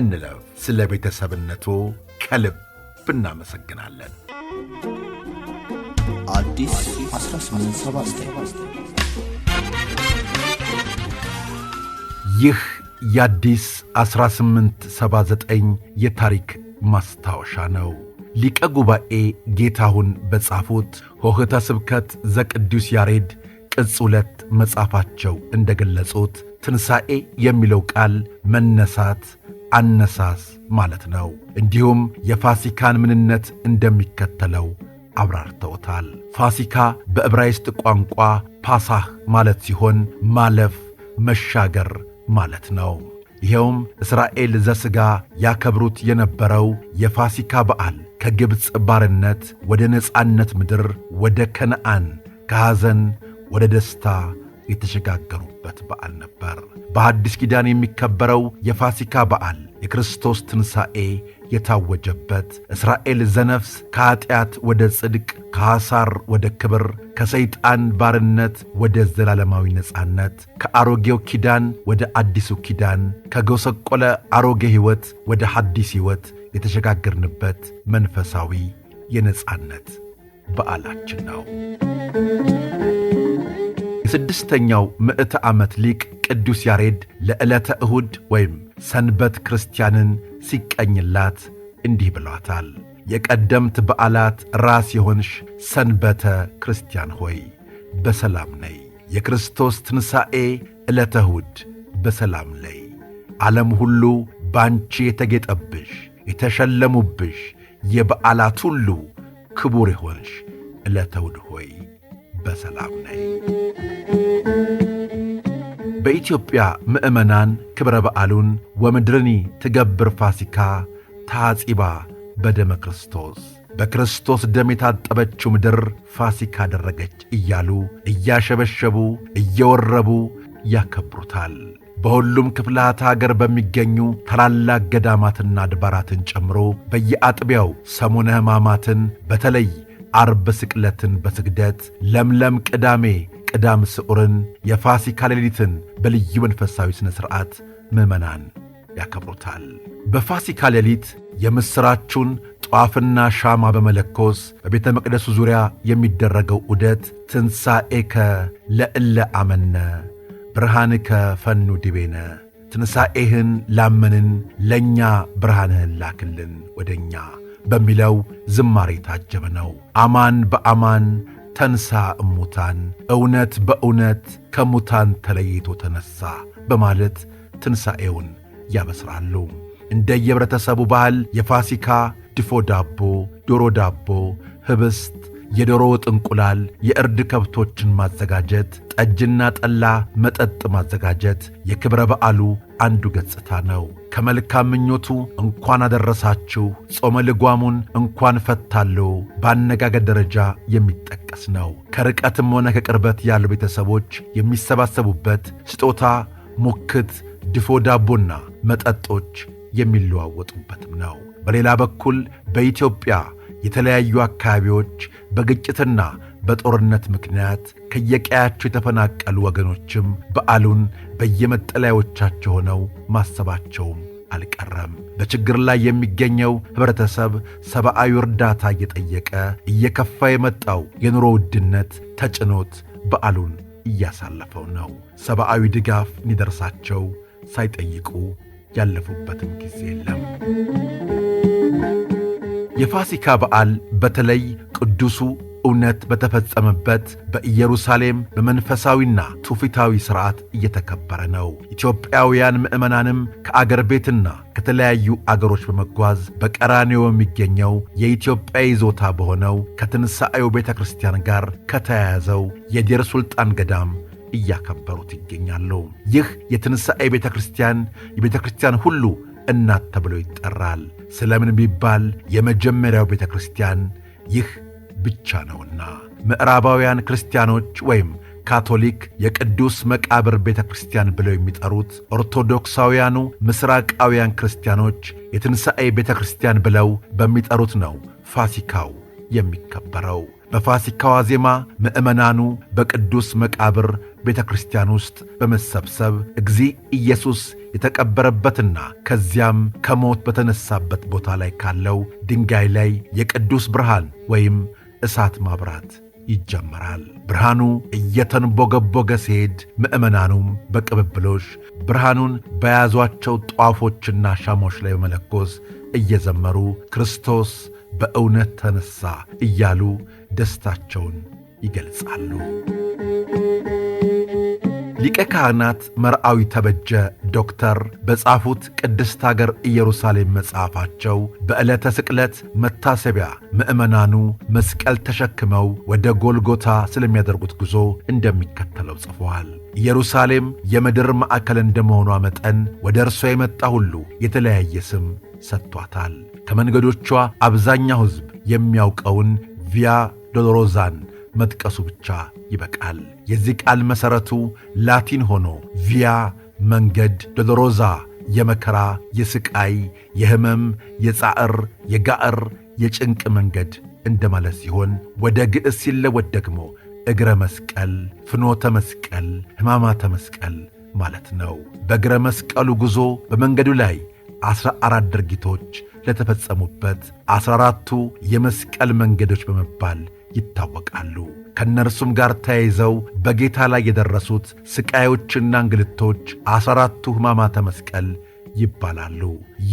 እንለፍ። ስለ ቤተሰብነቱ ከልብ እናመሰግናለን። ይህ የአዲስ 1879 የታሪክ ማስታወሻ ነው። ሊቀ ጉባኤ ጌታሁን በጻፉት ሆህተ ስብከት ዘቅዱስ ያሬድ ቅጽ ሁለት መጽሐፋቸው ገለጹት ትንሣኤ የሚለው ቃል መነሳት አነሳስ ማለት ነው። እንዲሁም የፋሲካን ምንነት እንደሚከተለው አብራርተውታል። ፋሲካ በዕብራይስጥ ቋንቋ ፓሳህ ማለት ሲሆን ማለፍ፣ መሻገር ማለት ነው። ይኸውም እስራኤል ዘሥጋ ያከብሩት የነበረው የፋሲካ በዓል ከግብፅ ባርነት ወደ ነፃነት ምድር ወደ ከነአን ከሐዘን ወደ ደስታ የተሸጋገሩበት በዓል ነበር። በአዲስ ኪዳን የሚከበረው የፋሲካ በዓል የክርስቶስ ትንሣኤ የታወጀበት እስራኤል ዘነፍስ ከኀጢአት ወደ ጽድቅ፣ ከሐሳር ወደ ክብር፣ ከሰይጣን ባርነት ወደ ዘላለማዊ ነጻነት፣ ከአሮጌው ኪዳን ወደ አዲሱ ኪዳን፣ ከጎሰቆለ አሮጌ ሕይወት ወደ ሐዲስ ሕይወት የተሸጋገርንበት መንፈሳዊ የነጻነት በዓላችን ነው። የስድስተኛው ምዕተ ዓመት ሊቅ ቅዱስ ያሬድ ለዕለተ እሁድ ወይም ሰንበት ክርስቲያንን ሲቀኝላት እንዲህ ብሏታል። የቀደምት በዓላት ራስ የሆንሽ ሰንበተ ክርስቲያን ሆይ በሰላም ነይ። የክርስቶስ ትንሣኤ ዕለተ እሁድ በሰላም ነይ ዓለም ሁሉ ባንቺ የተጌጠብሽ የተሸለሙብሽ የበዓላት ሁሉ ክቡር የሆንሽ ዕለተ እሁድ ሆይ በሰላም ነይ። በኢትዮጵያ ምዕመናን ክብረ በዓሉን ወምድርኒ ትገብር ፋሲካ ታጺባ በደመ ክርስቶስ በክርስቶስ ደም የታጠበችው ምድር ፋሲካ አደረገች እያሉ እያሸበሸቡ እየወረቡ ያከብሩታል። በሁሉም ክፍላተ አገር በሚገኙ ታላላቅ ገዳማትና አድባራትን ጨምሮ በየአጥቢያው ሰሙነ ሕማማትን በተለይ አርብ ስቅለትን በስግደት ለምለም ቅዳሜ ቅዳም ስዑርን የፋሲካ ሌሊትን በልዩ መንፈሳዊ ሥነ ሥርዓት ምዕመናን ያከብሩታል። በፋሲካ ሌሊት የምሥራቹን ጧፍና ሻማ በመለኮስ በቤተ መቅደሱ ዙሪያ የሚደረገው ዑደት ትንሣኤከ ለእለ አመነ ብርሃንከ ፈኑ ዲቤነ ትንሣኤህን ላመንን ለእኛ ብርሃንህን ላክልን ወደ እኛ በሚለው ዝማሬ የታጀበ ነው። አማን በአማን ተንሳ እሙታን እውነት በእውነት ከሙታን ተለይቶ ተነሣ በማለት ትንሣኤውን ያበስራሉ። እንደ የህብረተሰቡ ባህል የፋሲካ ድፎ ዳቦ፣ ዶሮ ዳቦ፣ ህብስት የዶሮ ወጥ፣ እንቁላል፣ የእርድ ከብቶችን ማዘጋጀት፣ ጠጅና ጠላ መጠጥ ማዘጋጀት የክብረ በዓሉ አንዱ ገጽታ ነው። ከመልካም ምኞቱ እንኳን አደረሳችሁ ጾመ ልጓሙን እንኳን ፈታለሁ በአነጋገር ደረጃ የሚጠቀስ ነው። ከርቀትም ሆነ ከቅርበት ያሉ ቤተሰቦች የሚሰባሰቡበት ስጦታ፣ ሙክት፣ ድፎ ዳቦና መጠጦች የሚለዋወጡበትም ነው። በሌላ በኩል በኢትዮጵያ የተለያዩ አካባቢዎች በግጭትና በጦርነት ምክንያት ከየቀያቸው የተፈናቀሉ ወገኖችም በዓሉን በየመጠለያዎቻቸው ሆነው ማሰባቸውም አልቀረም። በችግር ላይ የሚገኘው ኅብረተሰብ ሰብአዊ እርዳታ እየጠየቀ እየከፋ የመጣው የኑሮ ውድነት ተጭኖት በዓሉን እያሳለፈው ነው። ሰብአዊ ድጋፍ እንዲደርሳቸው ሳይጠይቁ ያለፉበትም ጊዜ የለም። የፋሲካ በዓል በተለይ ቅዱሱ እውነት በተፈጸመበት በኢየሩሳሌም በመንፈሳዊና ትውፊታዊ ሥርዓት እየተከበረ ነው። ኢትዮጵያውያን ምዕመናንም ከአገር ቤትና ከተለያዩ አገሮች በመጓዝ በቀራኔው የሚገኘው የኢትዮጵያ ይዞታ በሆነው ከትንሣኤው ቤተ ክርስቲያን ጋር ከተያያዘው የዴር ሱልጣን ገዳም እያከበሩት ይገኛሉ። ይህ የትንሣኤ ቤተ ክርስቲያን የቤተ ክርስቲያን ሁሉ እናት ተብሎ ይጠራል። ስለምን ቢባል የመጀመሪያው ቤተ ክርስቲያን ይህ ብቻ ነውና። ምዕራባውያን ክርስቲያኖች ወይም ካቶሊክ የቅዱስ መቃብር ቤተ ክርስቲያን ብለው የሚጠሩት፣ ኦርቶዶክሳውያኑ ምስራቃውያን ክርስቲያኖች የትንሣኤ ቤተ ክርስቲያን ብለው በሚጠሩት ነው ፋሲካው የሚከበረው። በፋሲካዋ ዜማ ምዕመናኑ በቅዱስ መቃብር ቤተ ክርስቲያን ውስጥ በመሰብሰብ እግዚእ ኢየሱስ የተቀበረበትና ከዚያም ከሞት በተነሳበት ቦታ ላይ ካለው ድንጋይ ላይ የቅዱስ ብርሃን ወይም እሳት ማብራት ይጀመራል። ብርሃኑ እየተንቦገቦገ ሲሄድ ምዕመናኑም በቅብብሎሽ ብርሃኑን በያዟቸው ጧፎችና ሻሞች ላይ በመለኮስ እየዘመሩ ክርስቶስ በእውነት ተነሣ እያሉ ደስታቸውን ይገልጻሉ። ሊቀ ካህናት መርአዊ ተበጀ ዶክተር በጻፉት ቅድስት አገር ኢየሩሳሌም መጽሐፋቸው በዕለተ ስቅለት መታሰቢያ ምዕመናኑ መስቀል ተሸክመው ወደ ጎልጎታ ስለሚያደርጉት ጉዞ እንደሚከተለው ጽፈዋል። ኢየሩሳሌም የምድር ማዕከል እንደመሆኗ መጠን ወደ እርሷ የመጣ ሁሉ የተለያየ ስም ሰጥቷታል። ከመንገዶቿ አብዛኛው ሕዝብ የሚያውቀውን ቪያ ዶሎሮዛን መጥቀሱ ብቻ ይበቃል። የዚህ ቃል መሠረቱ ላቲን ሆኖ ቪያ መንገድ ዶሎሮዛ የመከራ የስቃይ የሕመም የጻዕር የጋዕር የጭንቅ መንገድ እንደማለት ሲሆን ወደ ግዕዝ ሲለወድ ደግሞ እግረ መስቀል ፍኖተ መስቀል ሕማማተ መስቀል ማለት ነው። በእግረ መስቀሉ ጉዞ በመንገዱ ላይ ዐሥራ አራት ድርጊቶች ለተፈጸሙበት ዐሥራ አራቱ የመስቀል መንገዶች በመባል ይታወቃሉ። ከእነርሱም ጋር ተያይዘው በጌታ ላይ የደረሱት ሥቃዮችና እንግልቶች ዐሥራ አራቱ ሕማማተ መስቀል ይባላሉ።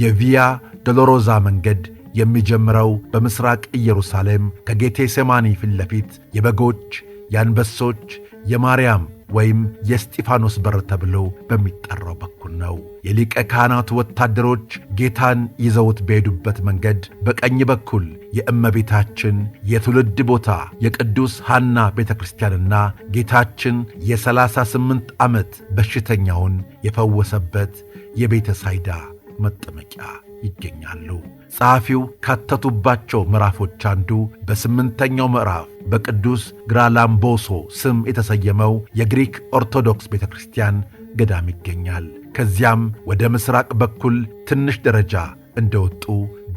የቪያ ዶሎሮዛ መንገድ የሚጀምረው በምሥራቅ ኢየሩሳሌም ከጌቴ ሴማኒ ፊት ለፊት የበጎች የአንበሶች የማርያም ወይም የእስጢፋኖስ በር ተብሎ በሚጠራው በኩል ነው። የሊቀ ካህናቱ ወታደሮች ጌታን ይዘውት በሄዱበት መንገድ በቀኝ በኩል የእመቤታችን የትውልድ ቦታ የቅዱስ ሐና ቤተ ክርስቲያንና ጌታችን የሰላሳ ስምንት ዓመት በሽተኛውን የፈወሰበት የቤተ ሳይዳ መጠመቂያ ይገኛሉ። ጸሐፊው ካተቱባቸው ምዕራፎች አንዱ በስምንተኛው ምዕራፍ በቅዱስ ግራላምቦሶ ስም የተሰየመው የግሪክ ኦርቶዶክስ ቤተ ክርስቲያን ገዳም ይገኛል። ከዚያም ወደ ምሥራቅ በኩል ትንሽ ደረጃ እንደወጡ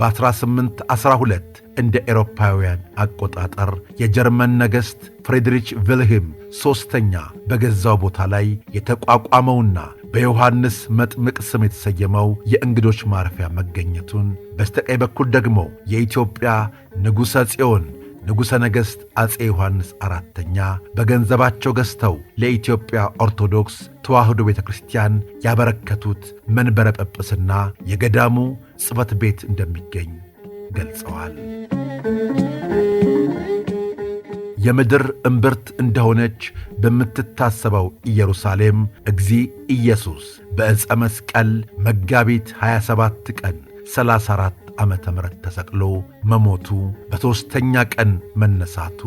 በ1812 እንደ ኤሮፓውያን አቆጣጠር የጀርመን ነገሥት ፍሬድሪች ቪልሄም ሦስተኛ በገዛው ቦታ ላይ የተቋቋመውና በዮሐንስ መጥምቅ ስም የተሰየመው የእንግዶች ማረፊያ መገኘቱን፣ በስተቀኝ በኩል ደግሞ የኢትዮጵያ ንጉሠ ጽዮን ንጉሠ ነገሥት አፄ ዮሐንስ አራተኛ በገንዘባቸው ገዝተው ለኢትዮጵያ ኦርቶዶክስ ተዋሕዶ ቤተ ክርስቲያን ያበረከቱት መንበረ ጵጵስና የገዳሙ ጽሕፈት ቤት እንደሚገኝ ገልጸዋል። የምድር እምብርት እንደሆነች በምትታሰበው ኢየሩሳሌም እግዚእ ኢየሱስ በዕፀ መስቀል መጋቢት 27 ቀን 34 ዓመተ ምሕረት ተሰቅሎ መሞቱ፣ በሦስተኛ ቀን መነሳቱ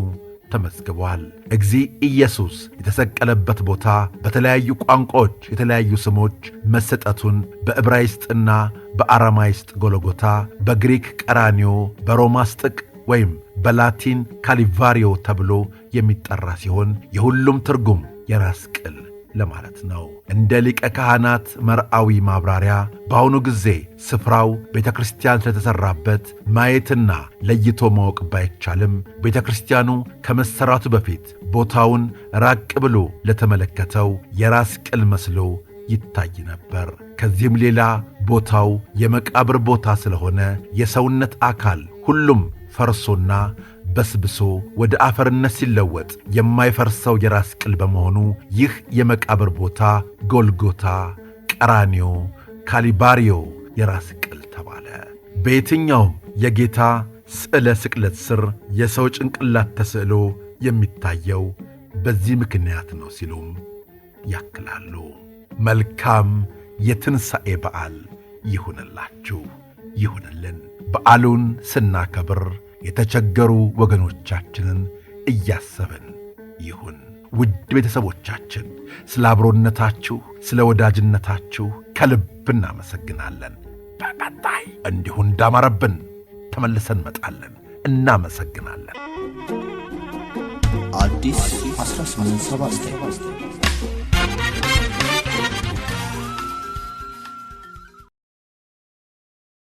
ተመዝግቧል። እግዚእ ኢየሱስ የተሰቀለበት ቦታ በተለያዩ ቋንቋዎች የተለያዩ ስሞች መሰጠቱን በዕብራይስጥና በአረማይስጥ ጎለጎታ በግሪክ ቀራኒዮ፣ ስጥቅ ወይም በላቲን ካሊቫሪዮ ተብሎ የሚጠራ ሲሆን የሁሉም ትርጉም የራስ ቅል ለማለት ነው። እንደ ሊቀ ካህናት መርአዊ ማብራሪያ በአሁኑ ጊዜ ስፍራው ቤተ ክርስቲያን ስለተሠራበት ማየትና ለይቶ ማወቅ ባይቻልም ቤተ ክርስቲያኑ ከመሠራቱ በፊት ቦታውን ራቅ ብሎ ለተመለከተው የራስ ቅል መስሎ ይታይ ነበር። ከዚህም ሌላ ቦታው የመቃብር ቦታ ስለሆነ የሰውነት አካል ሁሉም ፈርሶና በስብሶ ወደ አፈርነት ሲለወጥ የማይፈርሰው የራስ ቅል በመሆኑ ይህ የመቃብር ቦታ ጎልጎታ፣ ቀራኒዮ፣ ካሊባሪዮ የራስ ቅል ተባለ። በየትኛውም የጌታ ስዕለ ስቅለት ስር የሰው ጭንቅላት ተስዕሎ የሚታየው በዚህ ምክንያት ነው ሲሉም ያክላሉ። መልካም የትንሣኤ በዓል ይሁንላችሁ፣ ይሁንልን። በዓሉን ስናከብር የተቸገሩ ወገኖቻችንን እያሰብን ይሁን። ውድ ቤተሰቦቻችን ስለ አብሮነታችሁ፣ ስለ ወዳጅነታችሁ ከልብ እናመሰግናለን። በቀጣይ እንዲሁ እንዳማረብን ተመልሰን መጣለን እናመሰግናለን። አዲስ 1879